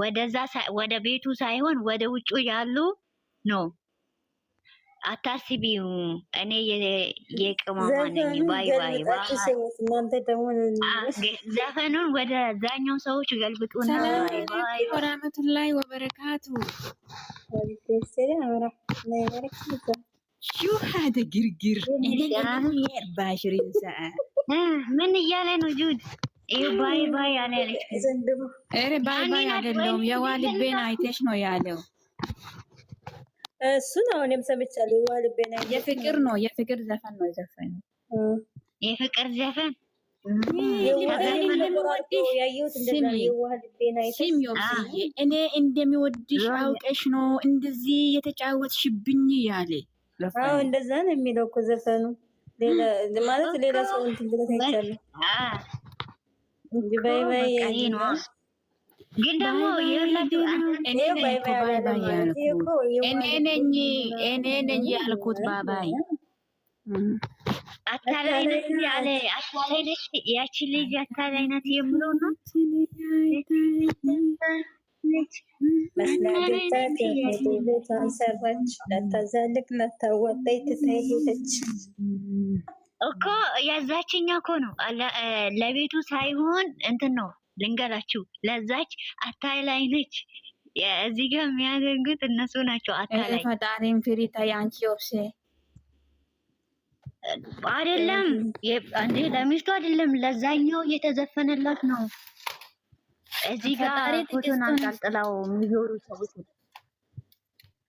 ወደዛ ወደ ቤቱ ሳይሆን ወደ ውጭ ያሉ ነው። አታስቢው፣ እኔ የቅመማ ነኝ። ባይ ባይ ዘፈኑን ወደ ዛኛው ሰዎች ገልብጡና ወራህመቱላሂ ወበረካቱ። ሹሃደ ግርግር ባሽሪን ምን እያለ ነው ጁድ ባይ ባይ አለ ያለች ኧረ ባይ ባይ አይደለውም። የዋልቤን አይተሽ ነው ያለው። እሱን አሁንም ሰምቻለሁ። የዋልቤን የፍቅር ነው የፍቅር ዘፈን ነው ዘፈን የፍቅር ዘፈን እኔ እንደሚወድሽ አውቀሽ ነው እንደዚህ የተጫወትሽብኝ ያለ እንደዛ ነው የሚለው እኮ ዘፈኑ ማለት ሌላ ሰው እንትን ብለት አይቻለሁ ግን ደግሞ እኔ ነኝ ያልኩት ባባይ አታላይነት ያለ አታላይነት ያቺ ልጅ አታላይነት የምለው ነው። ቤቷን ሰራች፣ ለታዛልቅ ትታይ ሄደች። እኮ ያዛችኛ እኮ ነው ለቤቱ ሳይሆን እንትን ነው ልንገራችሁ፣ ለዛች አታይ ላይ ነች። እዚህ ጋር የሚያደርጉት እነሱ ናቸው። አታላይ ፈጣሪም ፍሪታ የአንቺ ዮብሴ አይደለም እንዴ? ለሚስቱ አይደለም ለዛኛው እየተዘፈነላት ነው። እዚህ ጋር ፎቶን አንጠልጥላው የሚዞሩ ሰዎች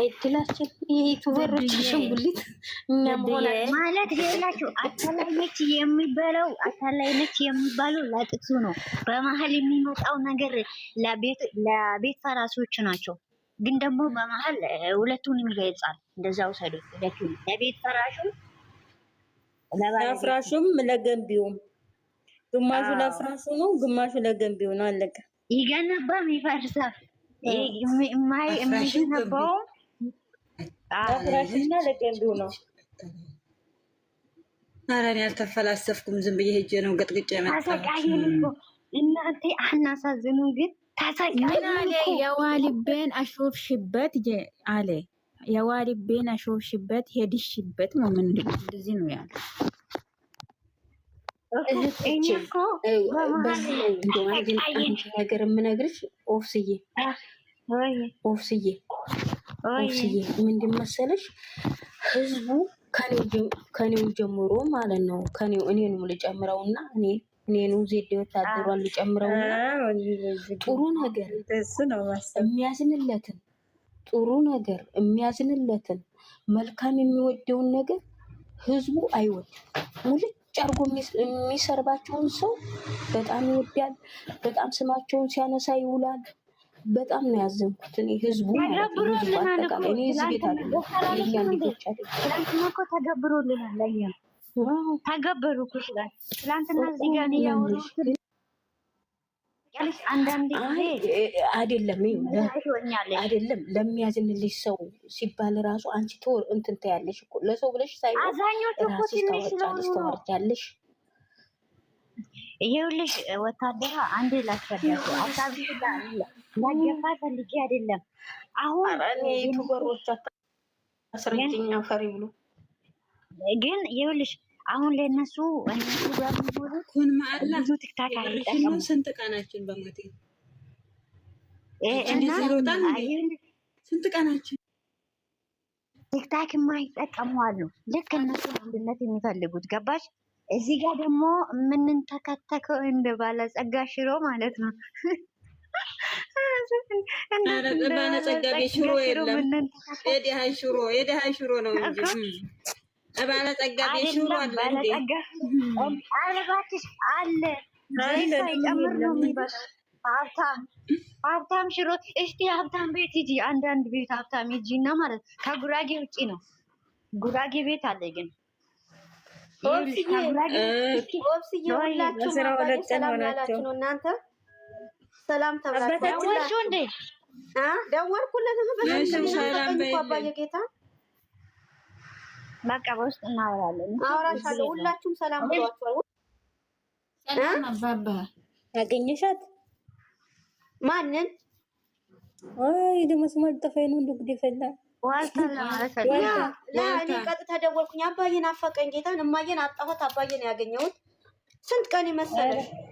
አይድላችን የዩቱበሮች ሽጉሊት ማለት ሌላቸው አታላይነች የሚባለው አታላይነች የሚባለው ለጥቅሱ ነው። በመሀል የሚመጣው ነገር ለቤት ፈራሶች ናቸው። ግን ደግሞ በመሀል ሁለቱንም ይገልጻል። እንደዛ ውሰዱ። ለቤት ፈራሹም ለፍራሹም ለገንቢውም፣ ግማሹ ለፍራሹ ነው፣ ግማሹ ለገንቢው ነው። አለቀ። ይገነባም ይፈርሳል። የማይገነባውም ለፍራሽና ለቀልዱ ነው። ኧረ እኔ አልተፈላሰፍኩም። ዝም ብዬ ሄጄ ነው ገጥግጬ የመጣሁት። እናንተ አናሳዝኑም፣ ግን ታሰቃዩን የዋልቤን አሾፍሽበት አለ። የዋልቤን አሾፍሽበት ሄድሽበት ነው። ምን እንደዚህ ነው ያለ ነገር የምነግርሽ ኦፍስዬ ኦፍስዬ ስዬ ምንድን መሰለሽ ህዝቡ ከኔው ጀምሮ ማለት ነው ከኔው እኔንም እና እኔ እኔኑ ዜድ ወታደሯን ልጨምረው ጥሩ ነገር የሚያዝንለትን ጥሩ ነገር የሚያዝንለትን መልካም የሚወደውን ነገር ህዝቡ አይወድ ሙልጭ አድርጎ የሚሰርባቸውን ሰው በጣም ይወዳል። በጣም ስማቸውን ሲያነሳ ይውላል። በጣም ነው ያዘንኩት። እኔ ህዝቡ አይደለም አይደለም፣ ለሚያዝንልሽ ሰው ሲባል ራሱ አንቺ ትወር እንትን ትያለሽ እኮ ለሰው ብለሽ ሳይሆን ራስሽ ታወጫለሽ፣ ይኸውልሽ ወታደራ አንድ ላስፈዳ ላ ላገባ ፈልጌ አይደለም። አሁን ግን ይኸውልሽ አሁን ለእነሱ እነሱ ጋር ብዙ ትክታክ አይጠቀሙ ስንት ቀናችን ስንት ቀናችን የማይጠቀሙ አሉ። ልክ እነሱ አንድነት የሚፈልጉት ገባሽ? እዚህ ጋር ደግሞ የምንንተከተከው እንደባለ ጸጋ ሽሮ ማለት ነው። ባለጸጋ ሽሮ የለም። የድሃ ሽሮ የድሃ ሽሮ ነው እንጂ ባለጸጋ ሽሮ አለ አለ ሀብታም ሽሮ እስቲ ሀብታም ቤት ሂጂ። አንዳንድ ቤት ሀብታም ሂጂ እና ማለት ከጉራጌ ውጭ ነው። ጉራጌ ቤት አለ ግን ሁላችሁ ሰላም ያላችሁ ነው እናንተ ሰላም ተብላችሁ እንዴ ደወልኩለት። ጌታ በቃ በውስጥ እናወራለን፣ አወራሻለሁ። ሁላችሁም ሰላም ብሏቸዋል። ያገኘሻት ማንን? አይ ጠፋኝ ነው እንደ ጉድ ፈላ እኔ ቀጥታ ደወልኩኝ። አባዬን አፈቀኝ ጌታን እማዬን አጣሁት። አባዬን ያገኘሁት ስንት ቀን ይመስላል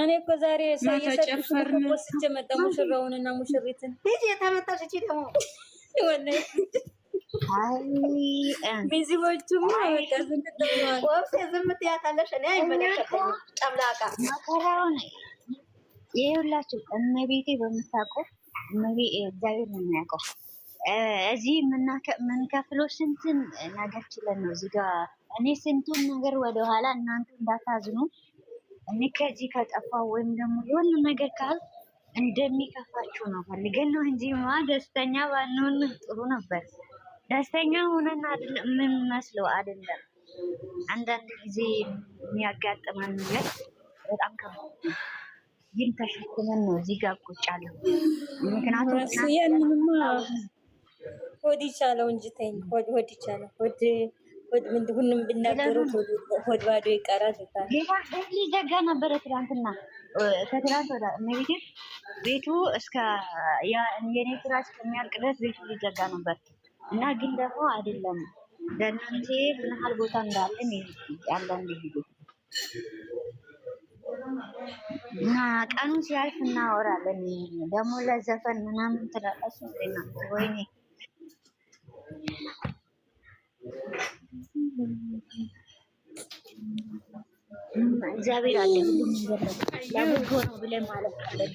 እኔ እኮ ዛሬ ሳይሰጥፍርንወስጀ መጣ ሙሽራውን እና ሙሽሪትን የተመጣች ደግሞ ቢዚዎቹም ዝም ትያታለሽ። እኔ አይመለከተኝም። ጨምላቃ መከራውን የሁላችሁ እመቤቴ በምታውቀው እግዚአብሔር ነው የሚያውቀው። እዚህ የምንከፍለው ስንትን ነገር ችለን ነው እዚህ ጋ እኔ ስንቱን ነገር ወደኋላ እናንተ እንዳታዝኑ እኔ ከጠፋ ወይም ደግሞ የሆነ ነገር ካል እንደሚከፋችሁ ነው ፈልገን ነው እንጂ ማ ደስተኛ ባንሆን ጥሩ ነበር። ደስተኛ ሆነን አይደለም የምንመስለው አይደለም። አንዳንድ ጊዜ የሚያጋጥመን ነገር በጣም ከባድ ነው። ግን ተሸክመን ነው እዚህ ጋር ቁጭ አለው። ምክንያቱም ያንንማ ሆድ ይቻለው እንጂ ተኝ ሆድ ሆድ ይቻለው ሆድ ሁሉም ብናገሩ ሆድ ባዶ ይቀራል። ሊዘጋ ነበረ ትናንትና፣ ከትናንት ወደ እመቤቴን ቤቱ እስከ የኔ ስራ እስከሚያልቅ ድረስ ቤቱ ሊዘጋ ነበር እና ግን ደግሞ አይደለም ለእናንተ ምን ያህል ቦታ እንዳለን ያለን ልዩ እና ቀኑ ሲያልፍ እናወራለን። ደግሞ ለዘፈን ምናምን ትላላችሁ ወይኔ እግዚአብሔር አለ ለምን ሆኖ ብለን ማለት አለብን።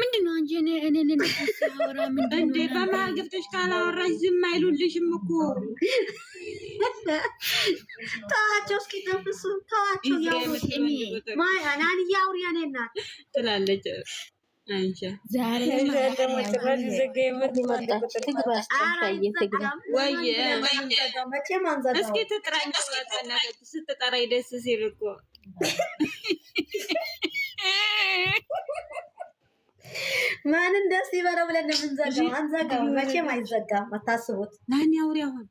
ምንድን ነው አንቺ እኔ እኔ ልንወራ እንዴ? በመሀል ገብተሽ ካላወራሽ ዝም አይሉልሽም እኮ። ተዋቸው እስኪ ተፍሱ፣ ተዋቸው ያውሪ የኔ እናት ትላለች። እስኪ ትጥራኝ ስትጠራኝ ደስ ሲል እኮ ማንን ደስ ይበለው ብለን የምንዘጋው አንዘጋው፣ መቼም አይዘጋም። አታስቡት። ማን ያውሪ አሁን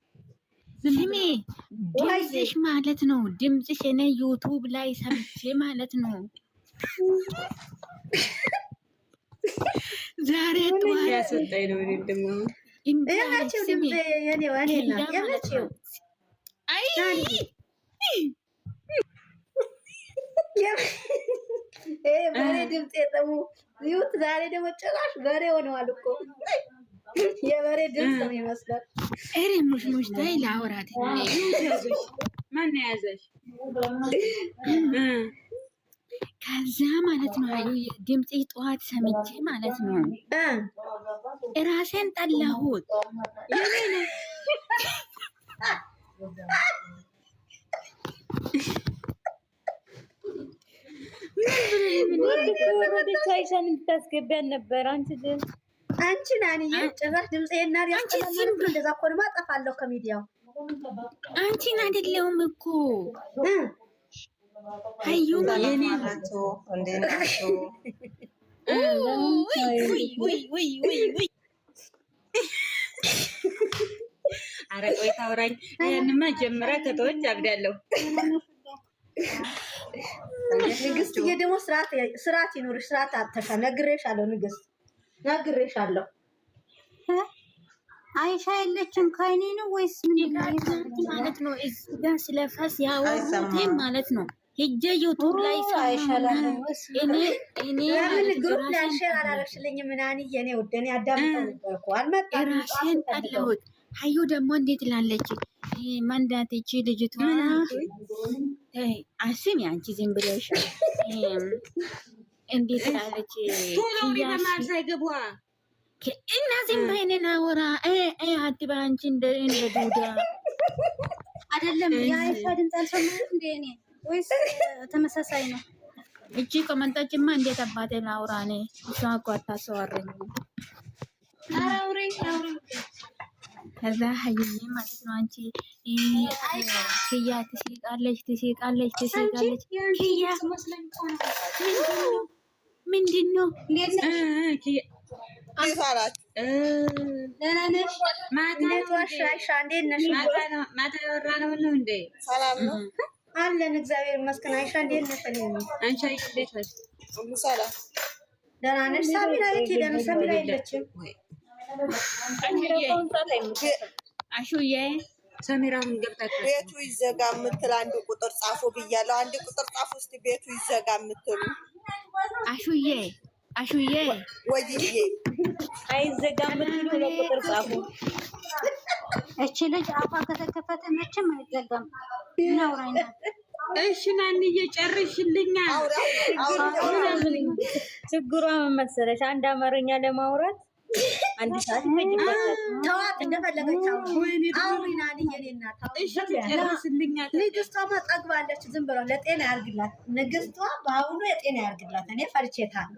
ስሜ ድምፅሽ ማለት ነው። ድምፅሽ እኔ ዩቱብ ላይ ሰምቼ ማለት ነው። ዛሬ ጠዋት ይሁት ዛሬ ደግሞ ጭራሽ በሬ ሆነዋል እኮ የበሬ ድምፅ ነው ይመስላል። ኧረ ሙሽሙሽ ታይ ለአውራት ማን ያዘሽ? ከዛ ማለት ነው አዩ ድምፅ ጠዋት ሰምቼ ማለት ነው እራሴን ጠላሁት። ወደቻይሻን እንድታስገቢያን ነበር። አንቺ አንቺ ናኒ ጭራሽ ድምፄን ናሪ እንደዛ እኮ ድማ ጠፋለሁ ከሚዲያው። አንቺን አይደለሁም እኮ አዩ አረ ቆይ ታውራኝ። ያንማ ጀምራ ከተወች አብዳለሁ። ንግስት ደግሞ ስርዓት ይኑርሽ። ስርዓት አተሻ ነግሬሻለሁ። ንግስት ነግሬሽ ነግሬሻለሁ። አይሻ የለችም። ከአይኔ ነው ወይስ ምን ማለት ነው? እዚህ ጋር ስለ ፋስ ያወሩትን ማለት ነው። ሂጄ ዩቱብ ላይ እኔ ግሩፕ ላይ ሼር አላረግሽልኝም። ምናን የኔ ወደኔ አዳምጠ ነበርኩ አልመጣም። ራሴን ጠለሁት። ሀዩ ደግሞ እንዴት ላለች መንዳቴች ልጅቱ አስም አንቺ ዝም ብለሽ እንዴት አለች እና ዝም በይንን አወራ አዲባ አንቺ እንደ ዱዳ አይደለም። የአይፋ ድምፅ አልሰማሁም እንደ እኔ ወይስ ተመሳሳይ ነው? እቺ ኮመንታችማ እንዴት አባቴ ላውራ እኔ እሷ እኮ አታሰዋረኝም። አውረኝ ከዛ ሀይዬ ማለት ነው አንቺ ክያ ትስቃለች ትስቃለች ትስቃለች። ክያ ምንድን ነው አለን እግዚአብሔር ይመስገን። አይሻ እንዴት ነሽ? አንቺ እንዴት ነሽ? ደህና ነሽ? ሳሚራ የት ሄደ ነው? ሳሚራ የለችም። አሹዬ ሰሜራውን ገብታችሁ ቤቱ ይዘጋ የምትል አንድ ቁጥር ጻፉ ብያለሁ። አንድ ቁጥር ጻፉ ውስጥ ቤቱ ይዘጋ የምትሉ አሹዬ አሹዬ ወይዬ አይዘጋ የምትሉ ቁጥር ጻፉ። እቺ ልጅ አፏ ከተከፈተ መቼም አይዘጋም። እናውራኝ። እሺ ናንዬ ጨርሽልኛ። ችግሯ ምን አንድ አማርኛ ለማውራት አንድ ሰዓት ይፈጅበታል። ተዋት ዝም ብሎ ለጤና ያርግላት። ንግስቷ በአሁኑ የጤና ያርግላት። እኔ ፈርቼታል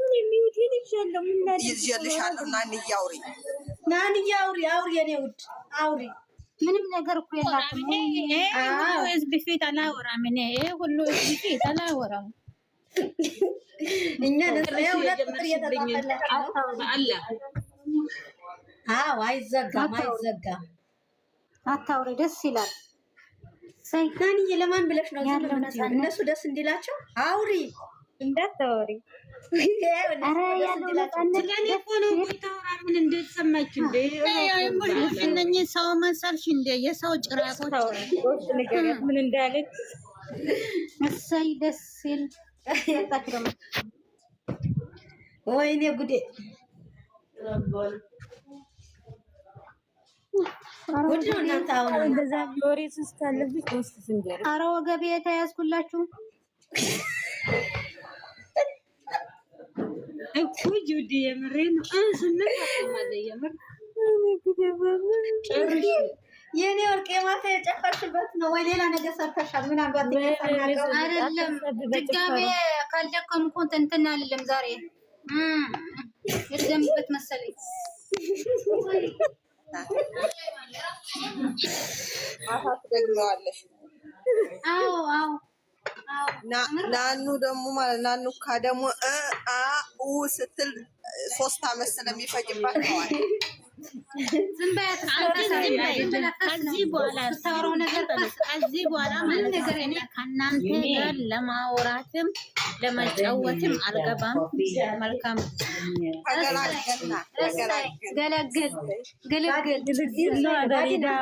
ይዤልሻለሁ። አውሪ፣ የኔ ውድ አውሪ። ምንም ነገር እኮ የላትም። ህዝብ ፊት አላወራም። እኔ ሁሉ ህዝብ ፊት አላወራም። እኛ ሁለት ቁጥር እየተጣፈላችሁ ነው አዎ አይዘጋም፣ አይዘጋም። አታውሪ፣ ደስ ይላል። ሰይጣንዬ ለማን ብለሽ ነው? እነሱ ደስ እንዲላቸው አውሪ፣ እንዳታወሪ። ስለኔ እነኚህ ሰው መሰልሽ እንዴ? የሰው ጭራቆች እሰይ፣ ደስ ሲል ወይኔ ጉዴ አረ ወገቤ ተያዝኩላችሁ። እኩጅ ውድ የምሬ ነው። የኔ ወርቅ የማታ የጨፈርሽበት ነው ወይ ሌላ ነገር ሰርተሻል? ምን አይደለም። ድጋሜ ካልደከምኩ እንትን አይደለም። ዛሬ ልትገምበት መሰለኝ ትደግመዋለሽ። ናኑ ደግሞ ማለት ናኑ ካ ደግሞ አ ኡ ስትል ሶስት አመት ስለሚፈጅባት ነዋል ከዚህ በኋላ ከዚህ በኋላ ከእናንተ ጋር ለማውራትም ለመጫወትም አልገባም። መልካም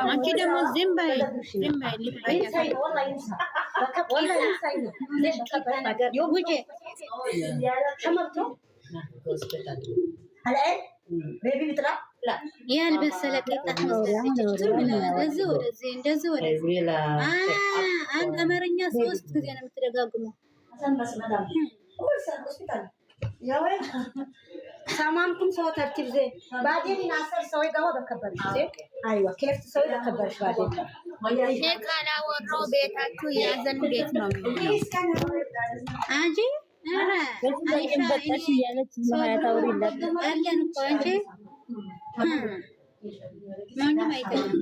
አንቺ ደግሞ ዝም በይ ዝም በይ። ልበያ ያልበሰለ ቅጣት እንደዚህ ወደዚህ አንድ አማርኛ ሶስት ጊዜ ነው የምትደጋግመው። ሰማምኩም ሰው ተርቲብ ዜ ባዴን አስር ሰው ጋው በከበርሽ ዜ አይዋ ኬፍት ሰው በከበርሽ ባዴን ይሄ ካላወሮ ቤታችሁ የያዘን ቤት ነው አጂ አረ አይሻ እያለች ማያታውሪ አለን እኮ አንቺ ማንም አይገናም።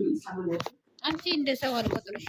አንቺ እንደ ሰው አልቆጥርሽ